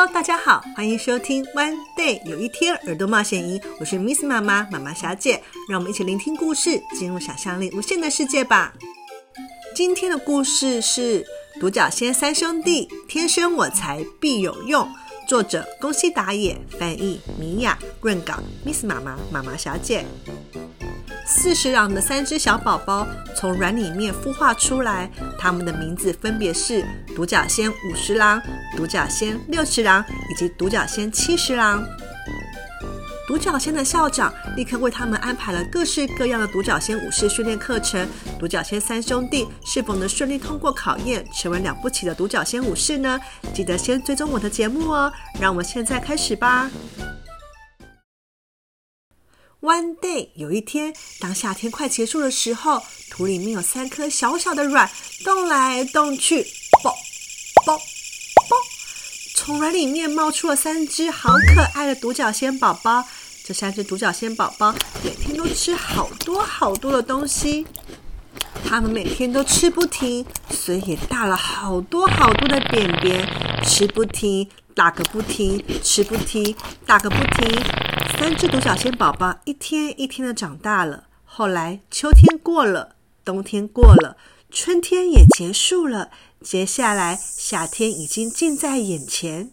Hello, 大家好，歡迎收聽《One Day 有一天耳朵冒險營》，我是 Miss 媽媽媽媽小姐，讓我們一起聆聽故事，進入想象力無限的世界吧。今天的故事是《獨角仙三兄弟》，天生我材必有用。作者：宮西達也，翻譯：米婭，潤稿：Miss 媽媽媽媽小姐。四十郎的三隻小寶寶從卵裡面孵化出來，他們的名字分別是獨角仙五十郎、獨角仙六十郎以及獨角仙七十郎。獨角仙的校長立刻為他們安排了各式各樣的獨角仙武士訓練課程。獨角仙三兄弟是否能順利通過考驗，成為了不起的獨角仙武士呢？記得先追蹤我的節目哦！讓我們現在開始吧。One day，有一天，當夏天快結束的時候，土裡面有三顆小小的卵，動來動去，啵啵啵，從卵裡面冒出了三隻好可愛的獨角仙寶寶。這三隻獨角仙寶寶每天都吃好多好多的東西，它們每天都吃不停，所以也大了好多好多的便便，吃不停，打個不停，吃不停，打個不停。三隻獨角仙寶寶一天一天的長大了。後來秋天過了，冬天過了，春天也結束了。接下來夏天已經近在眼前。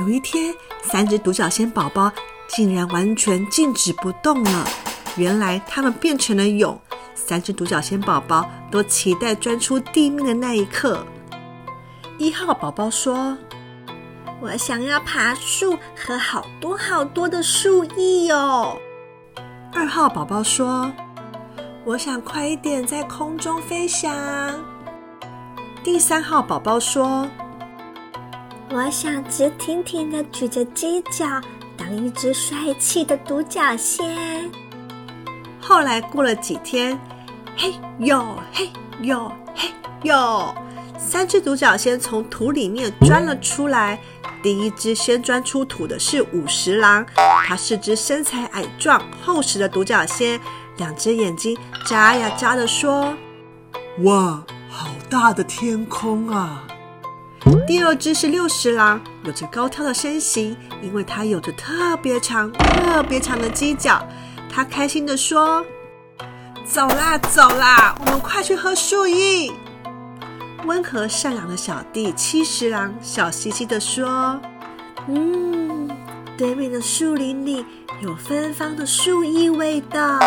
有一天，三隻獨角仙寶寶竟然完全靜止不動了。原來它們變成了蛹。三隻獨角仙寶寶都期待鑽出地面的那一刻。一號寶寶說。我想要爬樹和好多好多的樹葉哦。二號寶寶說：“我想快一點在空中飛翔。”第三號寶寶說：“我想直挺挺的舉着犄角，當一隻帥氣的獨角仙。”後來過了幾天，嘿喲嘿喲嘿喲，三隻獨角仙從土裡面鑽了出來。第一隻先鑽出土的是五十郎，它是隻身材矮壯、厚實的獨角仙，兩隻眼睛眨呀眨的說：“哇，好大的天空啊！”第二隻是六十郎，有着高挑的身形，因為它有着特別長、特別長的犄角，它開心的說：“走啦，走啦，我們快去喝樹液。”溫和善良的小弟七十郎笑嘻嘻地說：“嗯，對面的樹林裡有芬芳的樹葉味道。”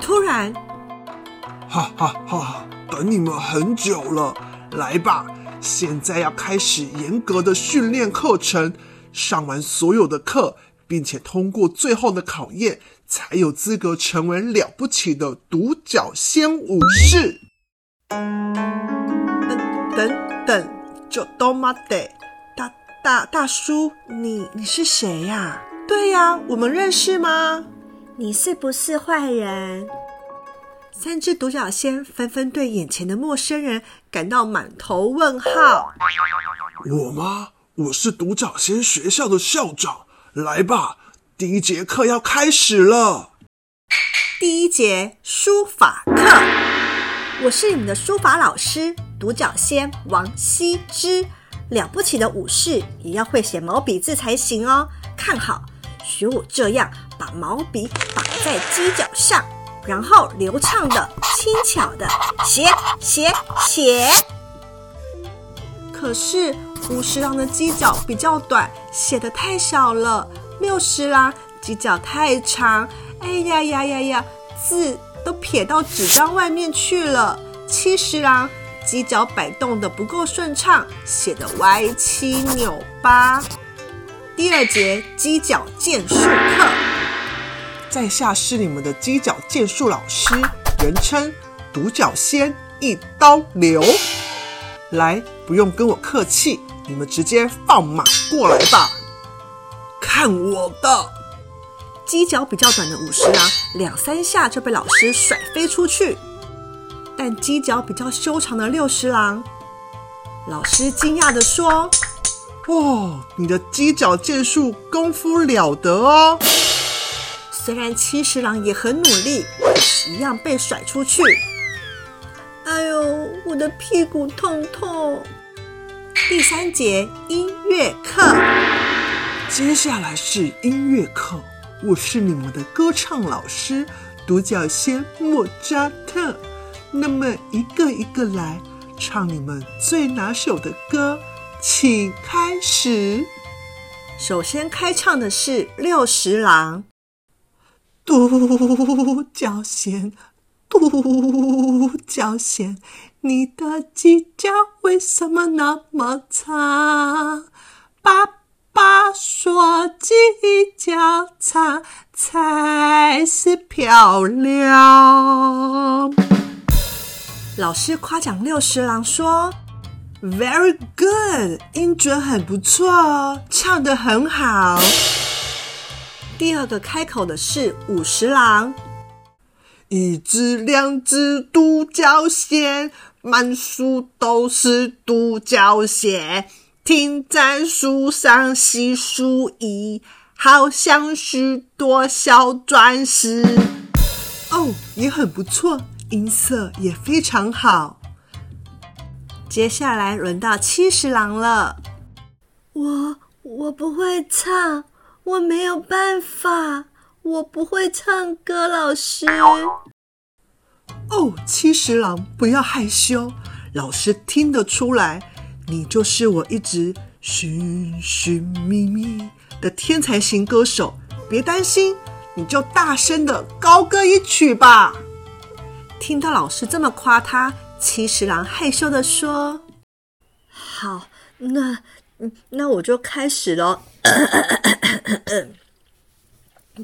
突然，哈哈哈哈！等你們很久了，來吧！現在要開始嚴格的訓練課程。上完所有的課，並且通過最後的考驗，才有資格成為了不起的獨角仙武士。嗯、等等等，就都嘛得，大大大叔，你你是誰呀、啊？對呀、啊，我們認識嗎？你是不是壞人？三隻獨角仙紛紛對眼前的陌生人感到滿頭問號。我嗎？我是獨角仙學校的校長。來吧，第一節課要開始了。第一節書法課。我是你們的書法老師，獨角仙王羲之，了不起的武士也要會寫毛筆字才行哦。看好，學我這樣把毛筆綁在犄角上，然後流暢的、輕巧的寫寫寫。可是五十郎的犄角比較短，寫得太小了；六十郎犄角太長，哎呀呀呀呀，字。都撇到紙張外面去了。七十郎，犄角擺動的不夠順暢，寫的歪七扭八。第二節犄角劍術課，在下是你們的犄角劍術老師，人稱獨角仙一刀流。來，不用跟我客氣，你們直接放馬過來吧，看我的！犄角比較短的五十郎，兩三下就被老師甩飛出去。但犄角比較修長的六十郎，老師驚訝地說：“哇，你的犄角劍術功夫了得哦！”雖然七十郎也很努力，也是一樣被甩出去。哎呦，我的屁股痛痛。第三節音樂課，接下來是音樂課。我是你們的歌唱老師，獨角仙莫扎特。那麼一個一個來唱你們最拿手的歌，請開始。首先開唱的是六十郎。獨角仙，獨角仙，你的犄角為什麼那麼長？八。把雙腳交叉才是漂亮。老師誇獎六十郎說：“Very good，音準很不錯哦，唱得很好。”第二個開口的是五十郎。一只兩只獨角仙，滿樹都是獨角仙。聽在樹上細數一，好像許多小鑽石。哦，你很不錯，音色也非常好。接下來輪到七十郎了。我我不會唱，我沒有辦法，我不會唱歌，老師。哦，七十郎不要害羞，老師聽得出來。你就是我一直尋尋覓覓的天才型歌手，別擔心，你就大聲的高歌一曲吧。聽到老師這麼誇他，七十郎害羞地說：“好，那那我就開始咯。”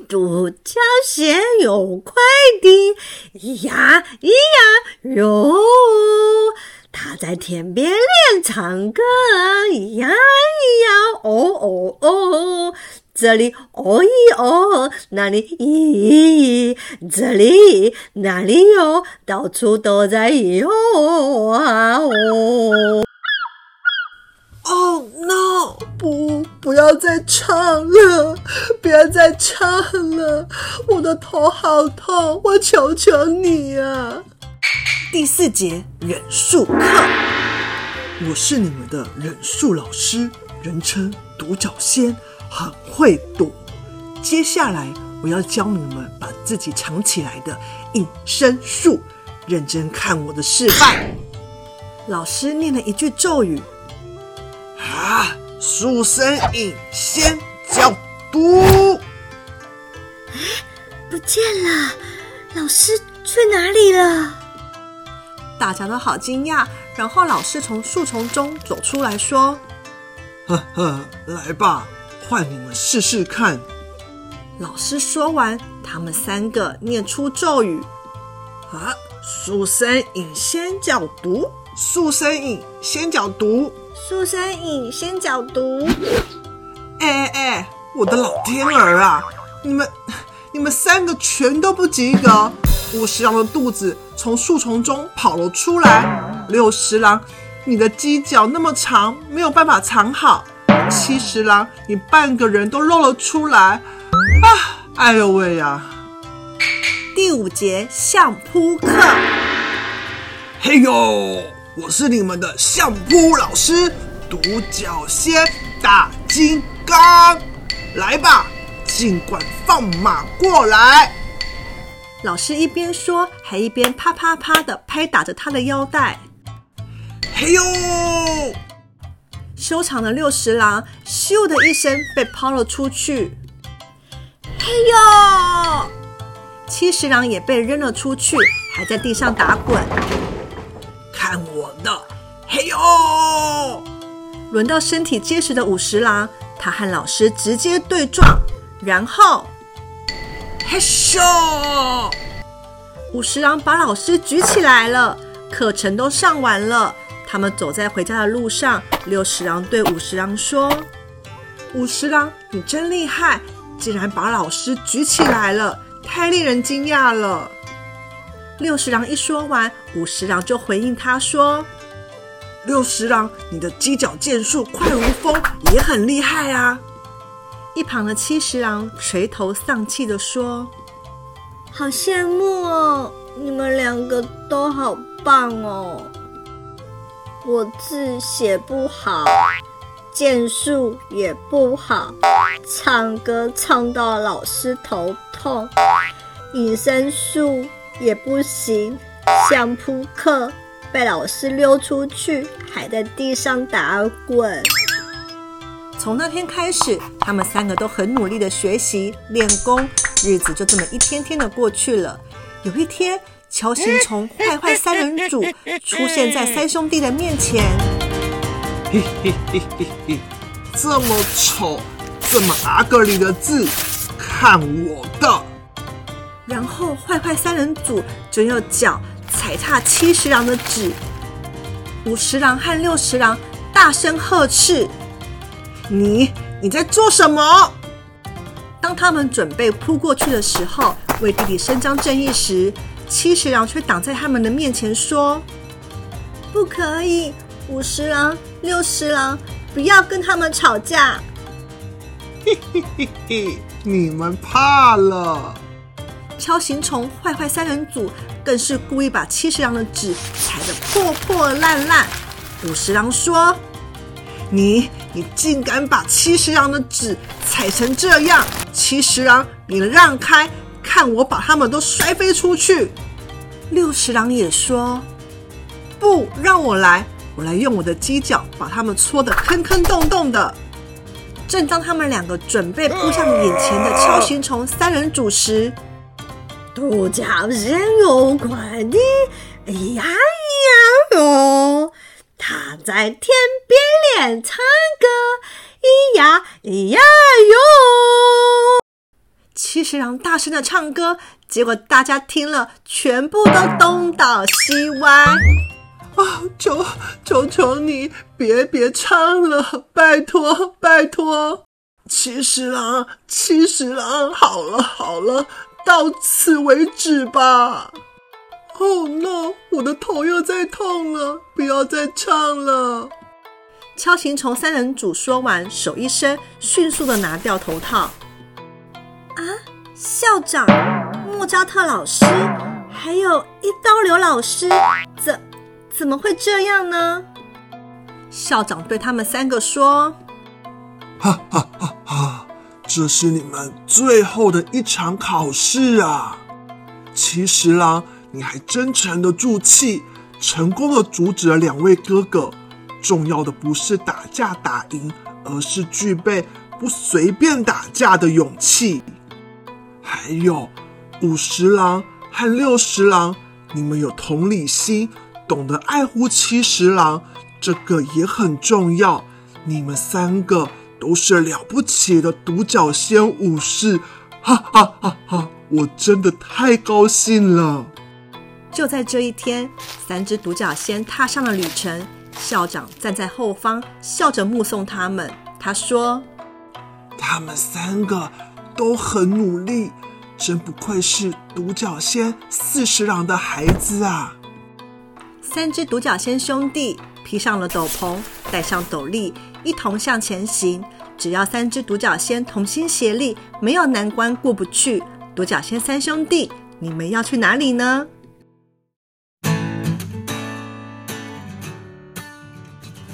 獨角仙有塊地，咿呀咿呀喲。他在田邊練唱歌，啊，咿呀咿呀，哦哦哦，這裡哦咦哦，那裡咦咦，這裡那裡哦到處都在有啊哦。啊哦 h、Oh, no！不，不要再唱了，別再唱了，我的頭好痛，我求求你啊。第四節忍術課，我是你們的忍術老師，人稱獨角仙，很會躲。接下來我要教你們把自己藏起來的隱身術，認真看我的示範。老師念了一句咒語：“啊，術身隱仙角獨。”哎，不見了，老師去哪裡了？大家都好驚訝，然後老師從樹叢中走出來說：“呵呵，來吧，換你們試試看。”老師說完，他們三個念出咒語：“啊，樹身影仙角毒，樹身影仙角毒，樹身影仙角毒。角毒”哎哎哎，我的老天兒啊！你們，你們三個全都不及格。五十郎的肚子從樹叢中跑了出來。六十郎，你的犄角那麼長，沒有辦法藏好。七十郎，你半個人都露了出來。啊，哎呦喂呀！第五節相撲課。嘿呦，我是你們的相撲老師，獨角仙大金剛。來吧，盡管放馬過來。老師一邊說，還一邊啪啪啪地拍打着他的腰帶。嘿呦！修長的六十郎咻的一聲被拋了出去。嘿呦！七十郎也被扔了出去，還在地上打滾。看我的，嘿呦！輪到身體結實的五十郎，他和老師直接對撞，然後。嘿咻！五十郎把老師舉起來了，課程都上完了。他們走在回家的路上，六十郎對五十郎說：“五十郎，你真厲害，竟然把老師舉起來了，太令人驚訝了。”六十郎一說完，五十郎就回應他說：“六十郎，你的犄角劍術快如風，也很厲害啊。”一旁的七十郎垂頭喪氣地說：“好羨慕哦，你們兩個都好棒哦！我字寫不好，劍術也不好，唱歌唱到老師頭痛，隱身術也不行，像撲克被老師溜出去，還在地上打滾。”從那天開始，他們三個都很努力地學習練功，日子就這麼一天天的過去了。有一天，鍬形蟲壞壞三人組出現在三兄弟的面前，嘿嘿嘿嘿嘿，這麼醜，這麼阿格里的字，看我的！然後壞壞三人組就用腳踩踏七十郎的紙，五十郎和六十郎大聲呵斥。你你在做什麼？當他們準備撲過去的時候，為弟弟伸張正義時，七十郎卻擋在他們的面前說：“不可以，五十郎、六十郎，不要跟他們吵架。”嘿嘿嘿嘿，你們怕了！鍬形蟲壞壞三人組更是故意把七十郎的紙踩得破破爛爛。五十郎說：“你。”你竟敢把七十郎的紙踩成這樣！七十郎，你讓開，看我把他們都摔飛出去。六十郎也說不讓我來，我來用我的犄角把他們戳得坑坑洞洞的。正當他們兩個準備撲向眼前的鍬形蟲三人組時，獨角仙鮮肉快遞，哎呀呀喲！他在天邊練唱歌，咿呀咿呀喲。七十郎大聲的唱歌，結果大家聽了全部都東倒西歪。啊、哦，求求求你別別唱了，拜托拜托。七十郎，七十郎，好了好了，到此為止吧。哦、oh no，我的頭又在痛了，不要再唱了。鍬形蟲三人組說完，手一伸，迅速的拿掉頭套。啊，校長、莫扎特老師，還有一刀流老師，怎怎麼會這樣呢？校長對他們三個說：“哈哈哈，這是你們最後的一場考試啊。其實啊。你還真沉得住氣，成功的阻止了兩位哥哥。重要的不是打架打贏，而是具備不隨便打架的勇氣。還有五十郎和六十郎，你們有同理心，懂得愛護七十郎，這個也很重要。你們三個都是了不起的獨角仙武士，哈哈哈哈！我真的太高興了。就在這一天，三隻獨角仙踏上了旅程。校長站在後方，笑着目送他們。他說：“他們三個都很努力，真不愧是獨角仙四十郎的孩子啊！”三隻獨角仙兄弟披上了斗篷，戴上斗笠，一同向前行。只要三隻獨角仙同心協力，沒有難關過不去。獨角仙三兄弟，你們要去哪裡呢？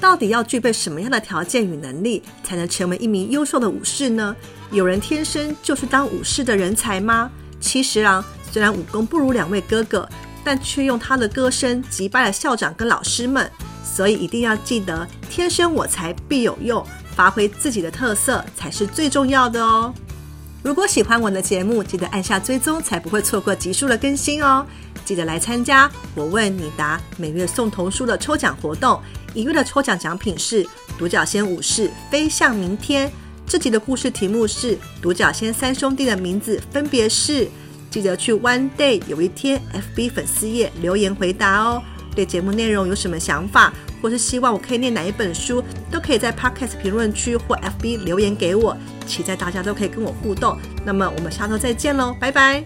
到底要具備什麼樣的條件與能力，才能成為一名優秀的武士呢？有人天生就是當武士的人才嗎？其實啊，雖然武功不如兩位哥哥，但卻用他的歌聲擊敗了校長跟老師們。所以一定要記得，天生我材必有用，發揮自己的特色才是最重要的哦。如果喜歡我的節目，記得按下追蹤，才不會錯過集數的更新哦。記得來參加“我問你答”每月送童書的抽獎活動，一月的抽獎獎品是《獨角仙武士飛向明天》。這集的故事題目是《獨角仙三兄弟》的名字分別是。記得去 One Day 有一天 FB 粉絲頁留言回答哦。對節目內容有什麼想法，或是希望我可以念哪一本書，都可以在 Podcast 評論區或 FB 留言給我。期待大家都可以跟我互動。那麼我們下周再見嘍，拜拜。